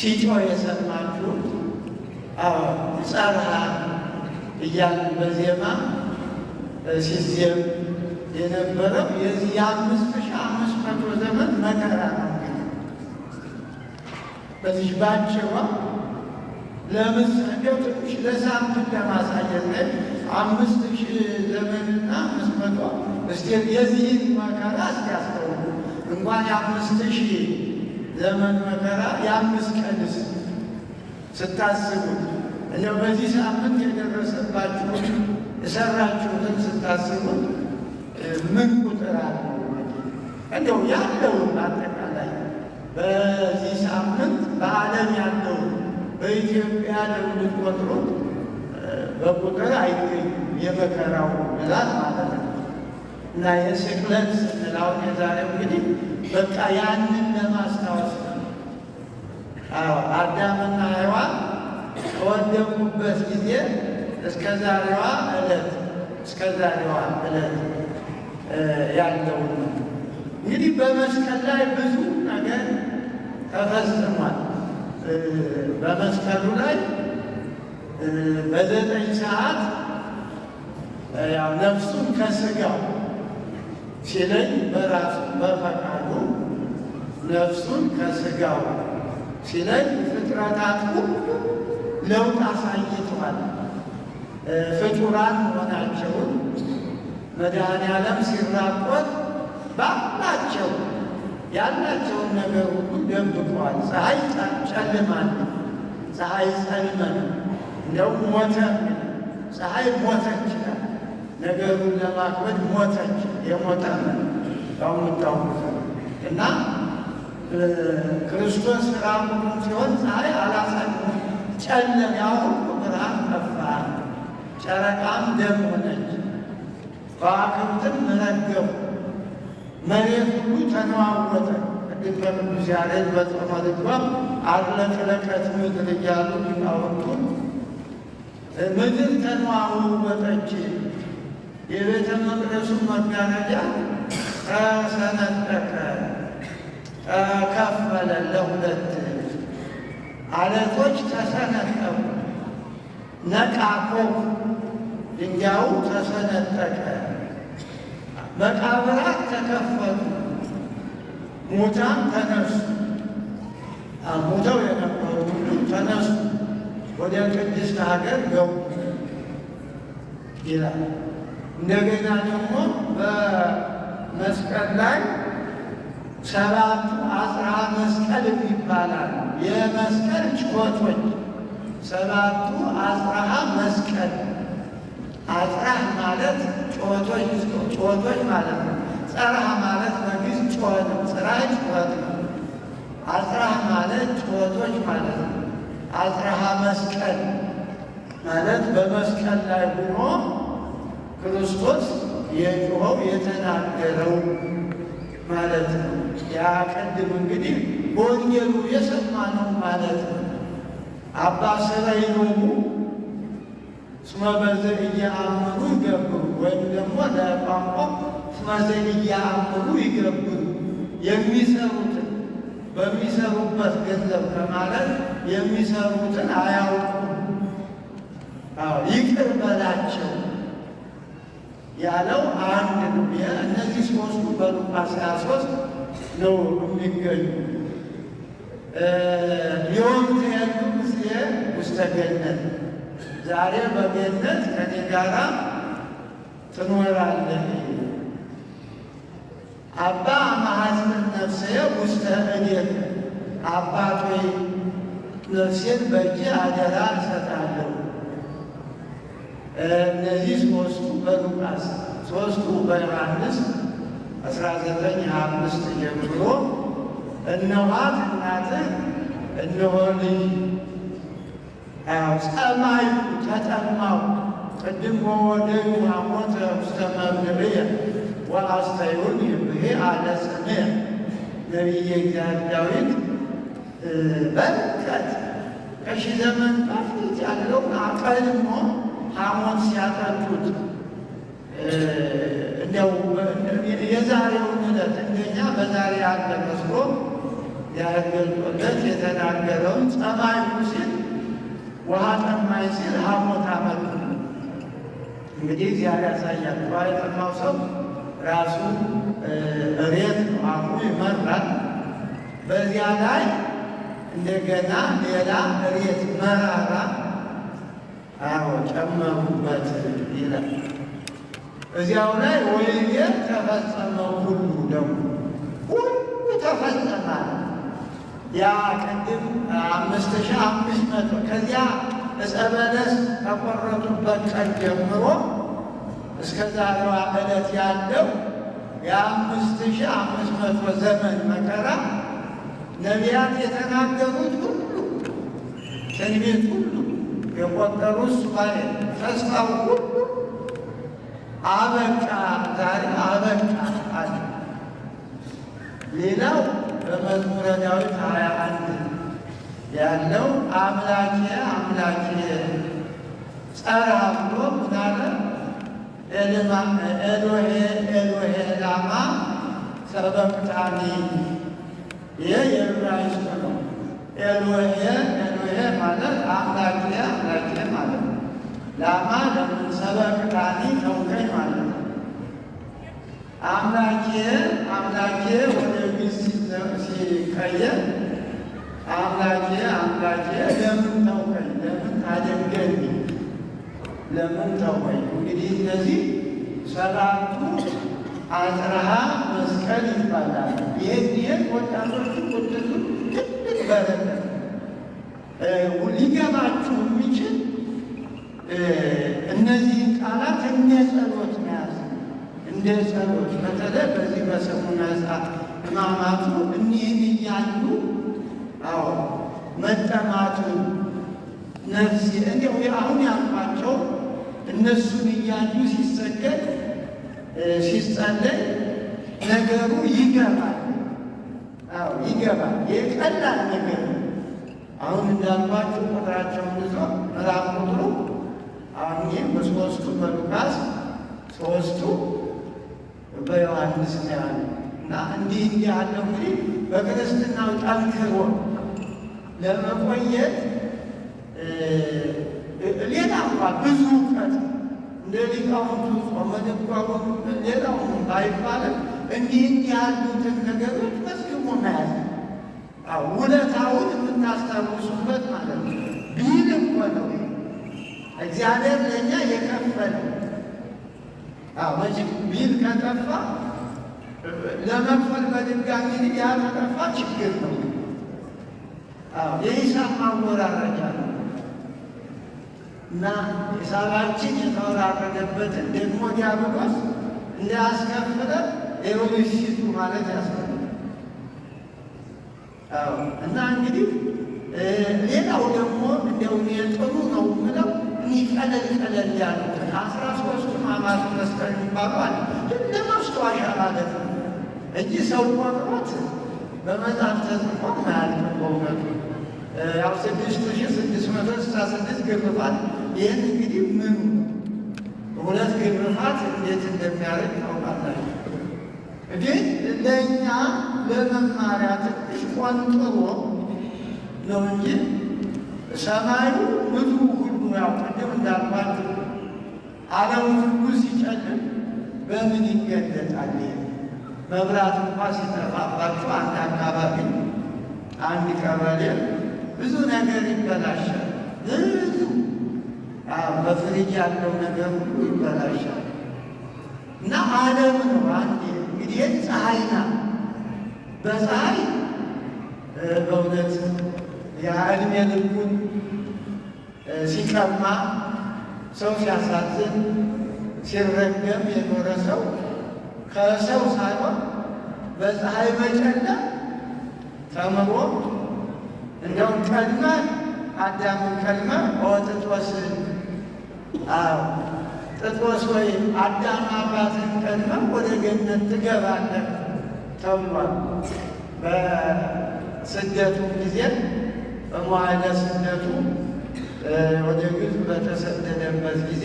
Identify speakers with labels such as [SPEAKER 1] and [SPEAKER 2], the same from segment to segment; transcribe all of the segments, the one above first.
[SPEAKER 1] ፊቶ የሰማችሁት ጸርሃ እያሉ በዜማ ሲዜም የነበረው የዚህ የአምስት ሺህ አምስት መቶ ዘመን መከራ ነው። በዚህ ባጭሯ ለመስገድ ትንሽ ለሳምንት ለማሳየት ላይ አምስት ሺህ ዘመንና አምስት መቶ እስቲ የዚህን መከራ እስኪያስተውሉ እንኳን የአምስት ሺህ ዘመን መከራ የአምስት ቀንስ ስታስቡት እንደው በዚህ ሳምንት የደረሰባችሁ የሰራችሁትን ስታስቡት ምን ቁጥር አለ እንደው ያለውን አጠቃላይ በዚህ ሳምንት በዓለም ያለው በኢትዮጵያ ነው በቁጥር አይገኝም የመከራው ብዛት ማለት ነው። እና የስቅለት ስንል የዛሬው እንግዲህ በቃ ያንን ለማስታወስ ነው። አዳምና ሔዋን ከወደቁበት ጊዜ እስከ ዛሬዋ ዕለት እስከ ዛሬዋ ዕለት ያለው ነው። እንግዲህ በመስቀል ላይ ብዙ ነገር ተፈጽሟል። በመስቀሉ ላይ በዘጠኝ ሰዓት ያው ነፍሱን ከስጋው ሲለኝ በራሱ በፈቃዱ ነፍሱን ከስጋው ሲለኝ ፍጥረታት ሁሉ ለውጥ አሳይቷል። ፍጡራን መሆናቸውን መድኃኔ ዓለም ሲራቆት ባላቸው ያላቸውን ነገር ሁሉ ደንብቷል። ፀሐይ ጨልማል፣ ፀሐይ ጸልመን እንደውም ሞተ። ፀሐይ ሞተች፣ ነገሩን ለማክበድ ሞተች። የሞተ ያው የምታውቁት እና ክርስቶስ ራሙን ሲሆን ፀሐይ አላሳየም፣ ጨለም ያሁሉ ብርሃን ጠፋ፣ ጨረቃም ደም ሆነች፣ ከዋክብትም ረገፉ፣ መሬት ሁሉ ተነዋወጠ። ቅድም በቅዱስ ያሬድ በጾመ ልጓም አጥለቅለቀት ምድር እያሉ ሊቃውንቱ ምድር ተነዋወጠች የቤተ መቅደሱን መጋረጃ ተሰነጠቀ፣ ተከፈለ ለሁለት አለቶች ተሰነጠቁ። ነቃቆ ድንጋዩ ተሰነጠቀ፣ መቃብራት ተከፈሉ ሙታን ተነሱ። ሙተው የነበሩ ሁሉ ተነሱ፣ ወደ ቅድስት ሀገር ገቡ ይላል። እንደገና ደግሞ በመስቀል ላይ ሰባቱ አስራ መስቀል ይባላል። የመስቀል ጭወቶች ሰባቱ አስራ መስቀል አስራ ማለት ጭወቶች ጭወቶች ማለት ነው። ጸራ ማለት መግዝ ጭወት ነው። ጽራ ጭወት ነው። አስራ ማለት ጭወቶች ማለት ነው። አስራ መስቀል ማለት በመስቀል ላይ ሆኖ ክርስቶስ የጮኸው የተናገረው ማለት ነው። ያ ቀድም እንግዲህ በወንጌሉ የሰማነው ማለት ነው። አባ ሰላይኖሙ እስመ በዘ ኢየአምሩ ይገብሩ ወይም ደግሞ ለቋንቋ እስመ ዘ ኢየአምሩ ይገብሩ የሚሰሩትን በሚሰሩበት ገንዘብ ከማለት የሚሰሩትን አያውቁም። ይቅር በላቸው ያለው አንድ ነው። እነዚህ ሶስቱ በሉቃስ 23 ነው የሚገኙ። ዮም ያሉ ጊዜ ውስተ ገነት፣ ዛሬ በገነት ከኔ ጋራ ትኖራለህ። አባ መሐዝን ነፍሴ ውስተ እኔት፣ አባት ወይ ነፍሴን በእጅ አደራ እሰጣለሁ እነዚህ ሶስቱ በሉቃስ ሶስቱ በዮሐንስ አስራ ዘጠኝ ሀያ አምስት ጀምሮ እነኋት እናትህ እነሆ ልጅ ጸማዩ ተጠማው ቅድም ወደ ሞተ ውስተ መብንብየ ወአስተዩን ይብሄ አለ ስምየ ነቢየ እግዚአብሔር ዳዊት በርከት ከሺህ ዘመን በፊት ያለውን አቀልሞ ሐሞት ሲያጠጡት እንዲያው የዛሬውን ዕለት እንደኛ በዛሬ አለ መስሎ ያገልጦለት የተናገረውን ጸባዩ ሲል ውሃ ጠማኝ ሲል ሐሞት አመጡ። እንግዲህ እዚያ ያሳያል። ውሃ የጠማው ሰው ራሱ እሬት አፉ ይመራል። በዚያ ላይ እንደገና ሌላ እሬት መራራ አዎ ጨመሩበት ይላል። እዚያው ላይ ወይኔ ተፈጸመው ሁሉ ደግሞ ሁሉ ተፈጸመ። ያ ቅድም አምስት ሺህ አምስት መቶ ከዚያ ዕፀ በለስ ከቆረጡበት ቀን ጀምሮ እስከ ዛሬዋ ዕለት ያለው የአምስት ሺህ አምስት መቶ ዘመን መከራ ነቢያት የተናገሩት ሁሉ ትንቢት ሁሉ የቆጠሩ ሱባኤ ተስፋው ሁሉ አበቃ፣ ዛሬ አበቃ አለ። ሌላው በመዝሙረ ዳዊት ሀያ አንድ ያለው አምላኬ አምላኬ ጸራ ብሎ ምናለ ኤሎሄ ኤሎሄ ላማ ሰበቅታኒ ይህ የዕብራይስጥ ነው። ኤሎሄ ማለት አምላክ አምላክ ማለት ነው። ላማ ለምንሰበ ቅዳኒ ተውከኝ ማለት ነው። አምላኬ አምላኬ ወደ ግስ ሲቀየር አምላኬ አምላኬ ለምን ተውከኝ፣ ለምን አደንገኝ፣ ለምን ተውከኝ። እንግዲህ እነዚህ ሰባቱ አጽርሃ መስቀል ይባላል። ይህ ይህ ወጣቶቹ ቅዱሱ ትልቅ በረከት ሊገባችሁ የሚችል እነዚህን ቃላት እንደ ጸሎት መያዝ እንደ ጸሎት በተለይ በዚህ በሰሙነ ሕማማቱ እኒህን አዎ እንዲያው አሁን ያልኳቸው እነሱን እያዩ ሲሰገድ ሲጸለይ ነገሩ ይገባል። አዎ ይገባል። የቀላል ነገር አሁን እንዳልኳቸው ቁጥራቸው ይዘው ምዕራፍ ቁጥሩ አሁን ይህም በሶስቱ በሉቃስ ሶስቱ በዮሐንስ ነው ያለ እና እንዲህ እንዲህ አለ እንግዲህ በክርስትናው ጠንክሮ ለመቆየት ሌላ እንኳ ብዙ እውቀት እንደ ሊቃውንቱ መደጓጎም ድጓውን ሌላው ባይባልም እንዲህ እንዲህ ያሉትን ነገሮች መዝግቦ መያዝ ውለታውን የምታስታውሱበት ማለት ነው። ቢል እኮ ነው እግዚአብሔር ለእኛ የከፈለው። አዎ መቼም ቢል ከጠፋ ለመክፈል በድጋሚ ያ ከጠፋ ችግር ነው። የሂሳብ ማወራረጃ ነው እና ሂሳባችን የተወራረገበትን ደግሞ ዲያብሎስ እንዳያስከፍለን ኤሮሲቱ ማለት ያስከፍ እና እንግዲህ ሌላው ደግሞ እንደውም የጥሩ ነው ምለው ቀለል ቀለል ያሉትን አስራ ሶስቱ ማማት መስቀል የሚባሉ አለ። ግን ለማስታወሻ ማለት ነው እንጂ ሰው ቆጥሮት በመጽሐፍ ተጽፎ ማያልቅ በእውነቱ ያው ስድስት ሺ ስድስት መቶ ስልሳ ስድስት ግርፋት ይህን እንግዲህ ምኑ ሁለት ግርፋት እንዴት እንደሚያደርግ ታውቃላችሁ። ግን ለእኛ በመማሪያ ትንሽ ቆንጥሮ ነው እንጂ ሰማዩ ብዙ ሁሉ ያው ቅድም እንዳልኳት ዓለም ሁሉ ሲጨልም በምን ይገለጣል? መብራት እንኳ አንድ አካባቢ አንድ ቀበሌ ብዙ ነገር ይበላሻል። ብዙ በፍሪጅ ያለው ነገር ሁሉ ይበላሻል እና ዓለም ነው እንግዲህ ፀሐይ ናት በፀሐይ በእውነት የዕድሜ ልኩን ሲቀማ ሰው ሲያሳዝን ሲረገም የኖረ ሰው ከሰው ሳይሆን በፀሐይ መጨለም ተምሮ እንዲያውም ቀድመ አዳምን ቀድመ ኦ ጥጦስ ወይ አዳም አባትን ቀድመ ወደ ገነት ትገባለህ ተብሏል። በስደቱ ጊዜ በመዋዕለ ስደቱ ወደ ግብፅ በተሰደደበት ጊዜ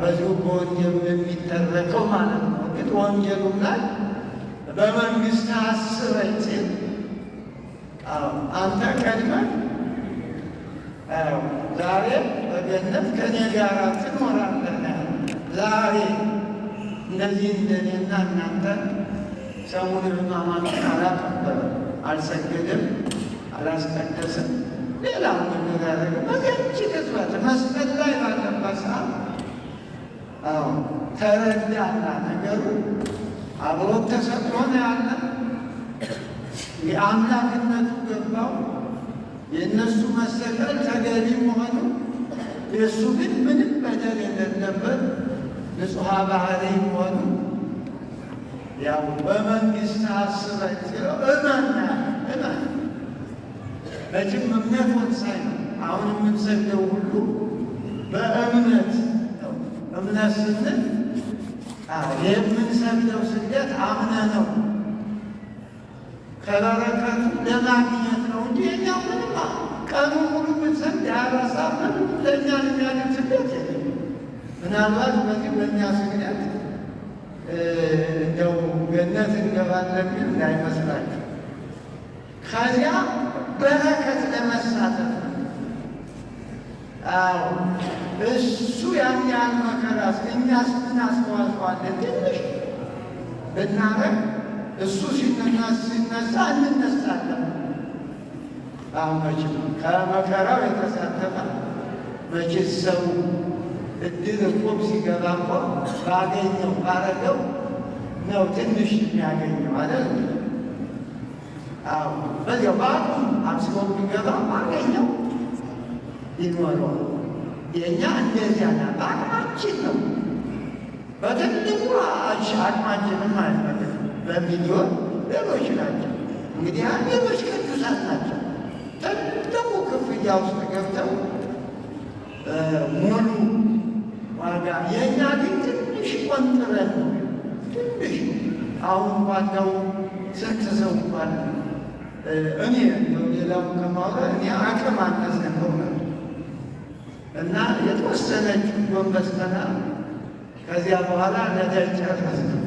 [SPEAKER 1] በዚሁ በወንጌሉ የሚተረከው ማለት ነው። ግን ወንጌሉም ላይ በመንግስት አስበኝ አንተ ቀድመህ ዛሬ በገነት ከኔ ጋር ትኖራለህ። ዛሬ እንደዚህ እንደኔና እናንተ ሰሙነ ሕማማት አላከበረም፣ አልሰገደም፣ አላስቀደስም። ሌላ ምንድን ያደረገ በዚያች ቅጽበት መስቀል ላይ ባለበት ተረድ ተረዳና ነገሩ አብሮት ተሰጥቶ ያለ የአምላክነቱ ገባው። የእነሱ መሰቀል ተገቢ መሆኑ የእሱ ግን ምንም በደል የሌለበት ንጹሐ ባህሪ መሆኑ ያው በመንግስት አስበችው እመና እመን መቼም እምነት ወንሳይ ነው። አሁን የምንሰግደው ሁሉ በእምነት ነው። እምነት ስንል የምንሰግደው ስግደት አምነ ነው ከበረከቱ ለማግኘት ነው እንጂ የኛው ምንም ቀኑ ሙሉ ብንሰግድ አያረሳ ምንም ለእኛ የሚያድን ስግደት የለም። ምናልባት በዚህ በእኛ ስግደት እንደው ገነት እንገባለን እንዳይመስላችሁ። ከዚያ በረከት ለመሳተፍ አዎ እሱ ያን ያህል መከራስ እኛስ ምን ትንሽ ብናረግ እሱ ሲነሳ እንነሳለን። አሁን መቼም ከመከራው የተሳተፈ መቼ ሰው እድል እቆም ሲገባ እኮ ባገኘው ባረገው ነው ትንሽ የሚያገኘው አይደል? አዎ በዚያ ባቱ አብስሎ የሚገባ አገኘው ይኖረዋል። የእኛ እንደዚያ ና በአቅማችን ነው በትልቁ አቅማችንም ማለት ነው። በሚሊዮን ሌሎች ናቸው እንግዲህ ሌሎች ቅዱሳት ናቸው። ትልቁ ክፍያ ውስጥ ገብተው ሙሉ ዋጋ የእኛ ግን ትንሽ ቆንጥረን ነው አሁን ባለው ስንት ሰው እንኳን እኔ ሌላው ከማውራ እኔ አቅም አነስ ነበር እና የተወሰነች ጎንበስ ቀና ከዚያ በኋላ ነዳጅ ጨረስ ነው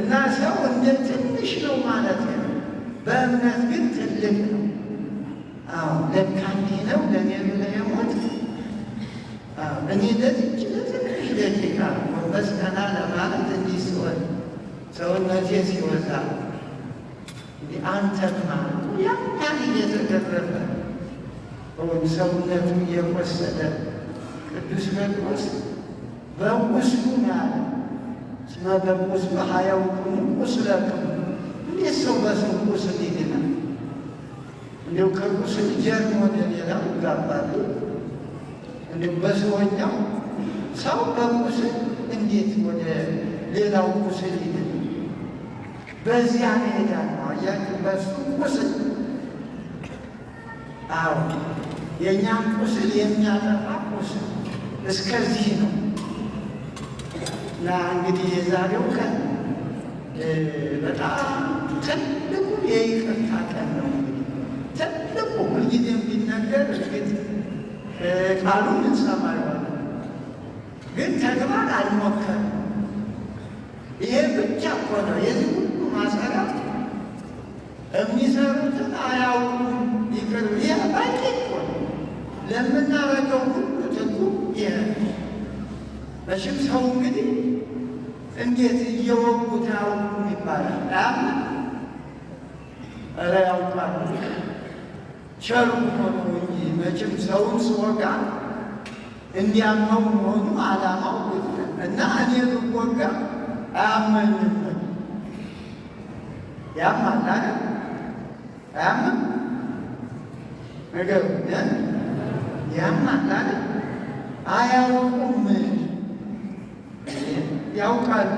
[SPEAKER 1] እና ሰው እንደ ትንሽ ነው ማለት ነው። በእምነት ግን ትልቅ ነው። አዎ ለካ እንዲህ ነው ለኔ ብለህ የሞት እኔ ለትንሽ ለትንሽ ደቂቃ ነው ምስጋና ለማለት እንዲህ ሲሆን ሰውነቴ ሲወዛ እንዲህ አንተን ማለት ያን ያህል እየተገረፈ ወይም ሰውነቱ እየቆሰለ ቅዱስ ጴጥሮስ በቁስሉ ያለ እስመ በቁስሉ ሀያውክሙ ቁስለክሙ እንዴት ሰው በሰው ቁስል ይድናል? እንዲሁ ከቁስል ጀርሞ ወደ ሌላው ይጋባሉ እንዲሁ በሰውኛው ሰው በቁስል እንዴት ወደ ሌላው ቁስል ይል በዚያ መሄዳ ነው። አያችሁ፣ በሱ ቁስል አዎ፣ የእኛም ቁስል የሚያጠፋ ቁስል እስከዚህ ነው። እና እንግዲህ የዛሬው ቀን በጣም ትልቁ የይቅርታ ቀን ነው። ትልቁ ሁልጊዜ ቢነገር እርግጥ ቃሉን እንሰማለን ግን ተግባር አልሞከርም። ይሄ ብቻ እኮ ነው የዚህ ሁሉ ማሰራት። የሚሰሩትን አያውቁም። ይቅር ይሄ በቂ ነው ለምናረገው ሁሉ ትርጉም ይሄ መቼም ሰው እንግዲህ እንዴት እየወጉት አያውቁም ይባላል። አያምን ኧረ ያውቃሉ ቸሩ ሆኖ እንጂ መቼም ሰውን ስወጋ እንዲያመው መሆኑ አላማው እና እኔ ልወጋ አያመኝም። ያም ያማላ አያምም ነገሩ አላ አያውቁም፣ ያውቃሉ።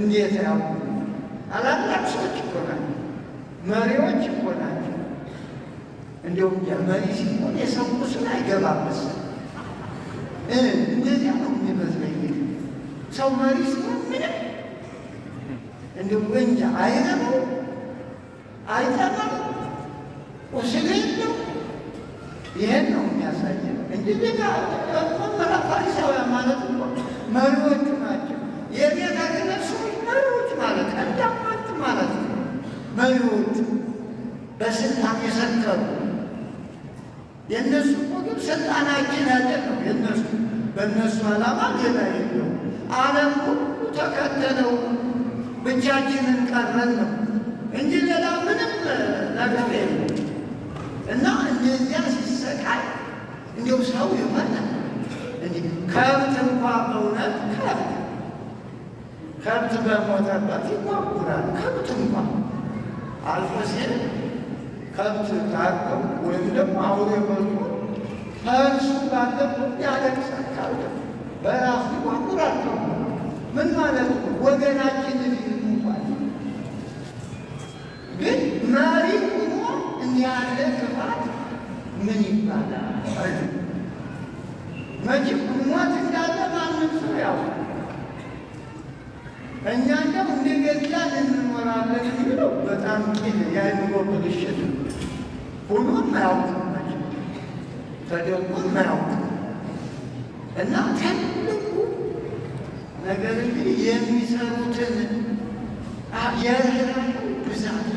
[SPEAKER 1] እንዴት ያውቁ? ታላላቅ ሰዎች እኮ መሪዎች እኮ እንዲሁም መሪ ሲሆን የሰው ቁስል አይገባም መሰለኝ። እንደዚያ ነው የሚመስለኝ። ሰው መሪ ሲሆን ምንም እንዲሁም እንጃ አይረበው አይጠራም ቁስል ነው። ይህን ነው የሚያሳየው እንጂ ፈሪሳውያን ማለት እኮ ናቸው። የቤተ ክህነት ሰዎች መሪዎች ማለት ቀዳማት ማለት ነው። መሪዎች በስልጣን የሰከሩ የእነሱ ቁጥር ስልጣናችን አይደለም። የእነሱ በእነሱ ዓላማ ሌላ የለው። ዓለም ሁሉ ተከተለው ብቻችንን ቀረን ነው እንጂ ሌላ ምንም ነገር የለ እና እንደዚያ ሲሰቃይ እንዲሁ ሰው የሆነ ከብት እንኳ በእውነት ከብት ከብት በሞተበት ይጓጉራል። ከብት እንኳ አልፎ ሲል ከብት ታርቀው ወይም ደግሞ አውሬ መጥቶ ከእሱ ባለ ያለቅሳል። በራሱ ቋንቁር ምን ማለት ነው? ወገናችን እንኳን ግን መሪ ሆኖ እንዲህ ክፋት ምን ይባላል? መቼም ሞት እንዳለ ማንም ሰው ያው እኛ እንደም እንደገዛ እንኖራለን የሚለው በጣም ቂል የአእምሮ ብልሽት ነው። ሁሉም አያውቅም ተደርጎም አያውቅም እና ትልቁ ነገር እንግዲህ የሚሰሩትን የርኅራኄ ብዛት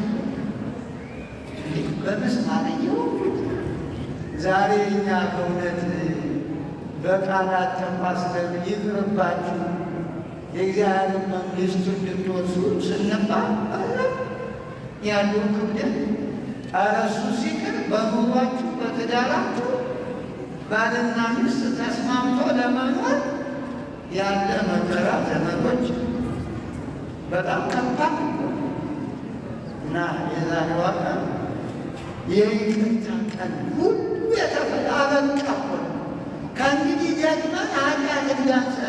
[SPEAKER 1] በምስማር ዛሬ እኛ ከእውነት በቃላት ተማስለን ይቅርባችሁ የእግዚአብሔር መንግሥቱ እንድትወርሱ ስንባል ያለው ክብደት እረሱ ሲ በኑሯችሁ በትዳራችሁ ባልና ሚስት ተስማምቶ ለመኖር ያለ መከራ ዘመዶች በጣም ከባድ እና የዛሬዋ ቀን የይቅርታ ቀን ሁሉ የተፈጣበቃ አበቃ። ከእንግዲህ ደግመን ኃጢአት እንዳንሰራ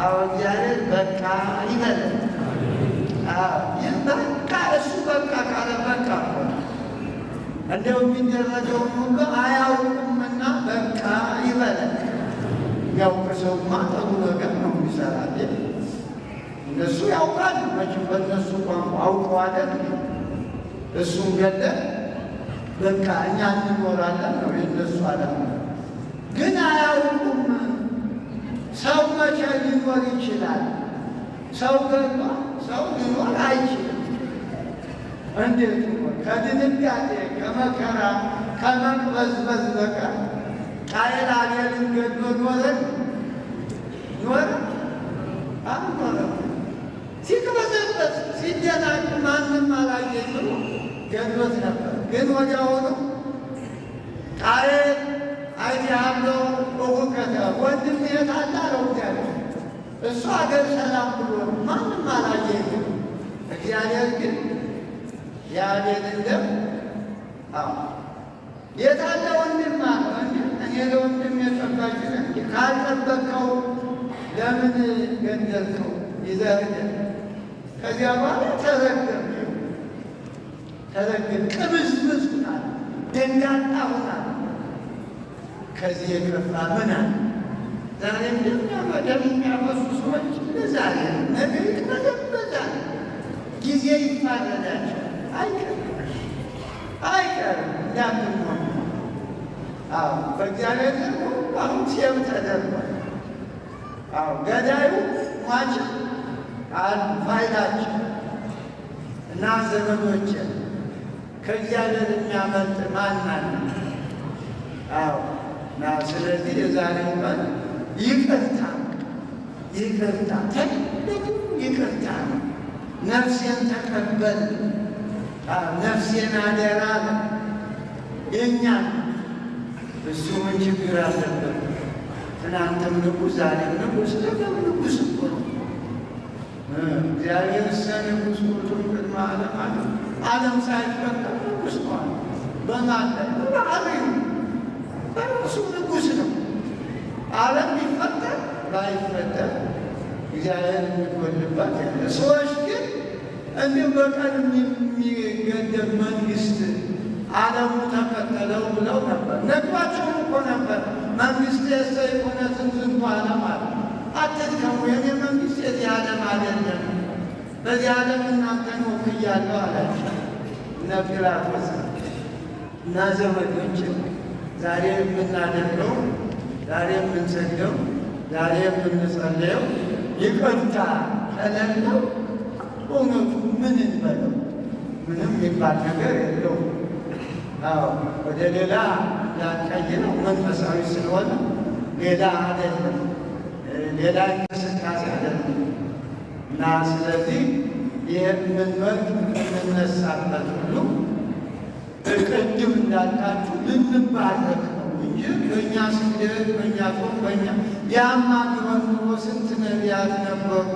[SPEAKER 1] አዎ እግዚአብሔር በቃ ይበል። ይህ በቃ እሱ በቃ ካለ በቃ እንደው የሚደረገው ሁሉ አያውቁምና በቃ ይበል። ያውቅ ሰውማ ጠሩ ነገር ነው የሚሰራ እነሱ ያውቃሉ። መቼም በእነሱ ቋንቋ አውቀው አይደል ገለ በቃ እኛ እንኖራለን ነው የእነሱ አላ ግን አያውቁም ሰው መቼ ሊኖር ይችላል? ሰው ገድሎ ሰው ሊኖር አይችልም። እንዴት ሊኖር ከድንጋጤ ከመከራ ከመቅበዝበዝ በቀር ቃየል አቤልን ገድሎ ኖረ ኖረ አኖረ ሲቅበዘበዝ ሲደናቅ ማንም አላየም ገድሎት ነበር ግን ወዲያውኑ ወንድም የት አለ አለው እግዚአብሔር። እሱ አገር ሰላም ብሎ ማንም አላየኝም። እግዚአብሔር ግን ያቤልን ደም የት አለ ወንድም አለ። እኔ ለወንድም የጠባች ካልጠበቀው ለምን ገንዘልከው? ይዘርደን ከዚያ በኋላ ተረገም ተረገም ቅብዝብዝ ሁናል፣ ደንጋጣ ሁናል። ከዚህ የከፋ ምን አለ? ዛሬ እንደሚያመደም የሚያፈሱ ሰዎች በዛሬ ነገ ይቅረዘበታል። ጊዜ ይፋረዳቸው አይቀር አይቀርም። እንዳምንሆን አዎ፣ በእግዚአብሔር ደግሞ አሁን ገዳዩ ሟች አሉ እና ዘመኖች ከእግዚአብሔር የሚያመልጥ ማን አለ? አዎ ስለዚህ የዛሬው ቀን ይቅርታ ይቅርታ ትልቁ ይቅርታ ነው። ነፍሴን ተቀበል፣ ነፍሴን አደራ የኛ እሱ ምን ችግር አለበት? ትናንትም ንጉሥ ዛሬም ንጉሥ ነገም ንጉሥ እኮ እግዚአብሔር ሰ ንጉሥ ኩልቱም ቅድመ ዓለም አለ ዓለም ሳይፈጠር ንጉሥ ነው። በማለ በባህሪ በራሱ ንጉሥ ነው። ዓለም ቢፈጠር ባይፈጠር እግዚአብሔር የሚጎልባት ያለ ሰዎች ግን እንዲሁ በቀን የሚገደብ መንግስት ዓለሙ ተከተለው ብለው ነበር። ነግሯቸውም እኮ ነበር መንግስት የሰ የሆነትን ዝንቱ ዓለም አለ አትድከሙ፣ የኔ መንግስት የዚህ ዓለም አይደለም፣ በዚህ ዓለም እናንተን ወክያለሁ አላቸው። እነ ጲላጦስ እና ዘመዶችን ዛሬ የምናደርገው ዛሬ የምንሰግደው ዛሬ የምንጸለየው ይቅርታ ከሌለው እውነቱ ምን እንበለው? ምንም የሚባል ነገር የለው። ወደ ሌላ ያቀይ ነው መንፈሳዊ ስለሆነ ሌላ አይደለም፣ ሌላ እንቅስቃሴ አይደለም እና ስለዚህ የምንወድ የምንነሳበት ሁሉ ቅድም እንዳልካችሁ ልንባረክ እንጂ በእኛ ስደት በእኛ ጾም በእኛ ያማ ቢሆን ኑሮ ስንት ነቢያት ነበሩ፣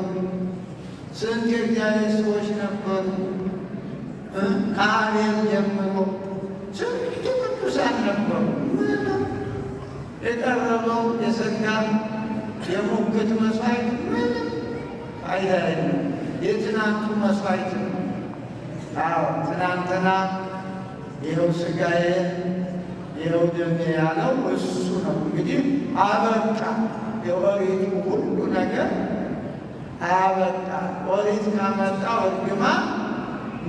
[SPEAKER 1] ስንት የእግዚአብሔር ሰዎች ነበሩ። ከአቤል ጀምሮ ስንት ቅዱሳን ነበሩ። ምንም የቀረበው የሰጋ የሙግት መስዋዕት ምንም ፋይዳ የትናንቱ መስዋዕት ነው። አዎ ትናንትና ይኸው ስጋዬ ይኸው ደሜ ያለው እሱ ነው። እንግዲህ አበቃ የኦሪቱ ሁሉ ነገር አበቃ። ኦሪት ካመጣ እርግማን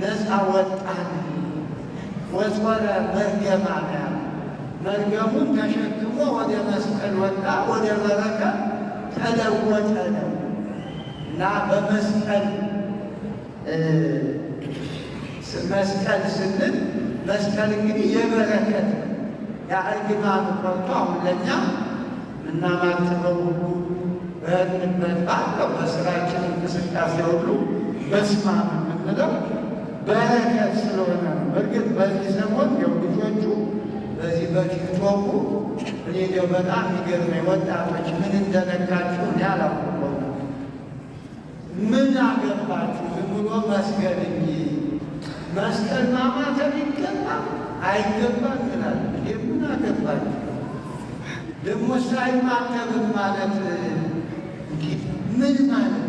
[SPEAKER 1] ነፃ ወጣን። ወጾረ መርገማ ነው መርገሙን ተሸክሞ ወደ መስቀል ወጣ፣ ወደ በረከት ተለወጠ ነው እና በመስቀል መስቀል ስንል መስቀል እንግዲህ የበረከት ነው ያህል ግማም ቆርጦ አሁን ለእኛ ምናማትበው ሁሉ በህንበት ባለው በስራችን እንቅስቃሴ ሁሉ በስመ የምንለው በረከት ስለሆነ ነው። እርግጥ በዚህ ሰሞን ው ልጆቹ በዚህ በቲክቶኩ እኔ በጣም የሚገርመኝ ወጣቶች ምን እንደነካችሁ እኔ ምን አገባችሁ? ዝም ብሎ መስገድ እንጂ መስቀል ማማተብ ይገባል አይገባም አገባል ደግሞ ሳይማተብም ማለት ምን ማለት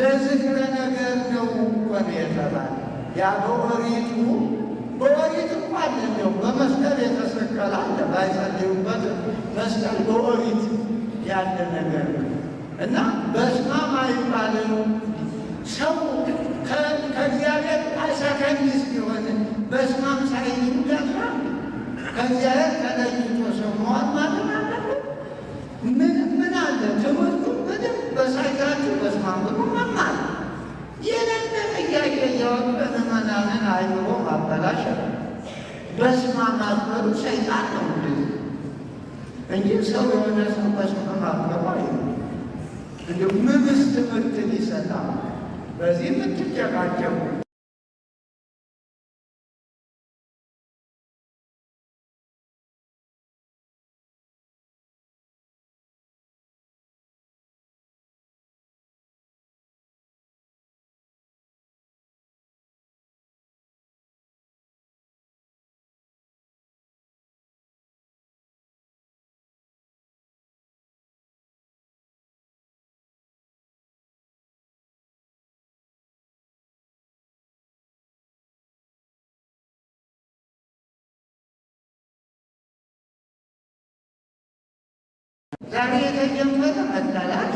[SPEAKER 1] ለዝክረ ነገር ነው እኮ ነው የተባለ ያ በኦሪቱ በኦሪት እንኳን እንደው በመስቀል የተሰቀለ አለ ባይጸልዩበት መስቀል በኦሪት ያለ ነገር ነው እና በስመ አይባልም። ሰው ከእግዚአብሔር ሰከንስ ቢሆን በስመ አብ ሳይሉ ከእግዚአብሔር ተለይቶ ሰው መዋል ማለት ምን ምን አለ? ትምህርቱ ምንም በሳይታችሁ በስማምሩ መማር የለነ ጥያቄ እያወጡ ለምእመናንን አእምሮ ማበላሸት በስመ አብ ማክበሩ ሰይጣን ነው እንጂ ሰው የሆነ ሰው በስመ ማክበሩ አይ እንዲሁ ምምስ ትምህርትን ይሰጣል። በዚህ የምትጨቃጨቁ ዛሬ የተጀመረ መጠላት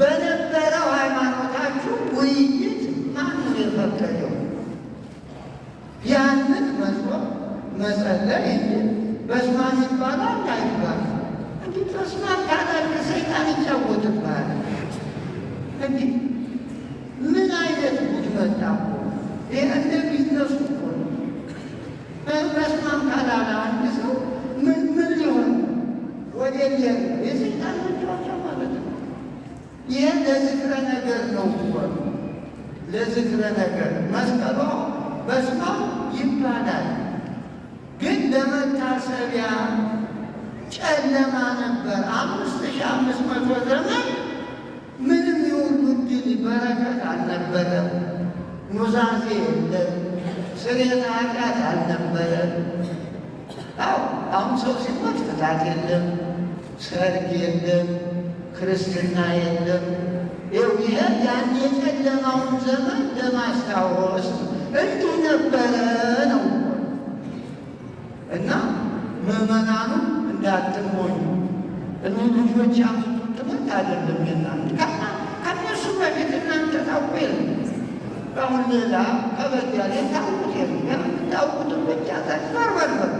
[SPEAKER 1] በነበረው ሃይማኖታችሁ ውይይት ማነው የፈቀደው? ያንን መጾም መጸለይ እንጂ በስማን ይባላል አይባል። እንዲህ በስመ አብ ሰይጣን ይጫወትባል እንዲህ ምን አይነት ጉድ መጣ? ይህ እንደ ቢዝነሱ እኮ ነው። አልወደዋቸው ማለት ነው። ይህ ለዝክረ ነገር ነው ትወሉ ለዝክረ ነገር መስቀሏ በስማ ይባላል። ግን ለመታሰቢያ ጨለማ ነበር። አምስት ሺህ አምስት መቶ ዘመን ምንም የሁሉ ድል በረከት አልነበረም። ኑዛዜ የለም። ስርየተ ኃጢአት አልነበረም። አዎ አሁን ሰው ሲሞት ፍታት የለም። ሰርግ የለም፣ ክርስትና የለም። ይኸው ይህ ያን የጨለማውን ዘመን ለማስታወስ እንዲህ ነበረ ነው እና ምዕመናኑ እንዳትሞኙ። እኔ ልጆች ያመጡት ጥመት አይደለም የእናንተ ከእነሱ በፊት እናንተ ታውቁ የለም አሁን ሌላ ከበድ ያለ ታውቁት የለም የምታውቁትን ብቻ ተግበርበርበር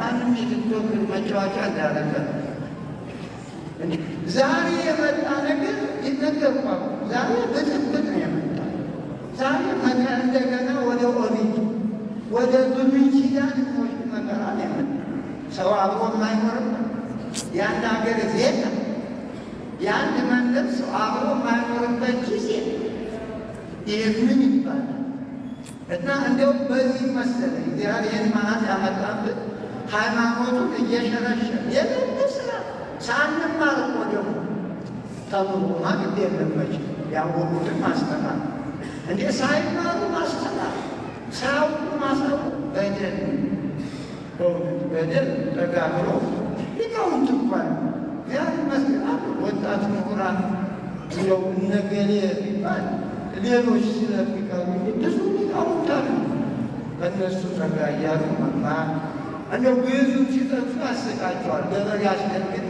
[SPEAKER 1] ማንም የቲክቶክ መጫወቻ እንዳረገ ዛሬ የመጣ ነገር ይነገርኳ። ዛሬ ብጥብጥ ነው የመጣ። ዛሬ መከ እንደገና ወደ ኦሪት ወደ ብሉይ ኪዳን መከራ ነው የመጣ። ሰው አብሮ የማይኖርም የአንድ ሀገር ዜጋ የአንድ መንደር ሰው አብሮ የማይኖርበት ጊዜ ይህ ምን ይባላል? እና እንደው በዚህ መሰለ እግዚአብሔር መዓት ያመጣብን ሃይማኖቱን እየሸረሸረ የምን ስራ ሳንማር እኮ ደግሞ ተምሮማ ግድ የለመች ያወቁትን ማስተማር እንዴ ሳይማሩ ማስተማር ሳያውቁ ማስተማር በደል በደል ተጋብሮ ሊቃውንት እንኳን ያን መስገናል ወጣት ምሁራን እንደው እነገሌ ቢባል ሌሎች ስለሚቀሩ ብዙ ሊቃውንት አሉ። በእነሱ ተጋያሉ እያሉ መማር እንደው ግዙ ሲጠጡ ያስቃቸዋል። ገበሬ ያስደንግጥ